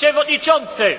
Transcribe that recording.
Przewodniczący!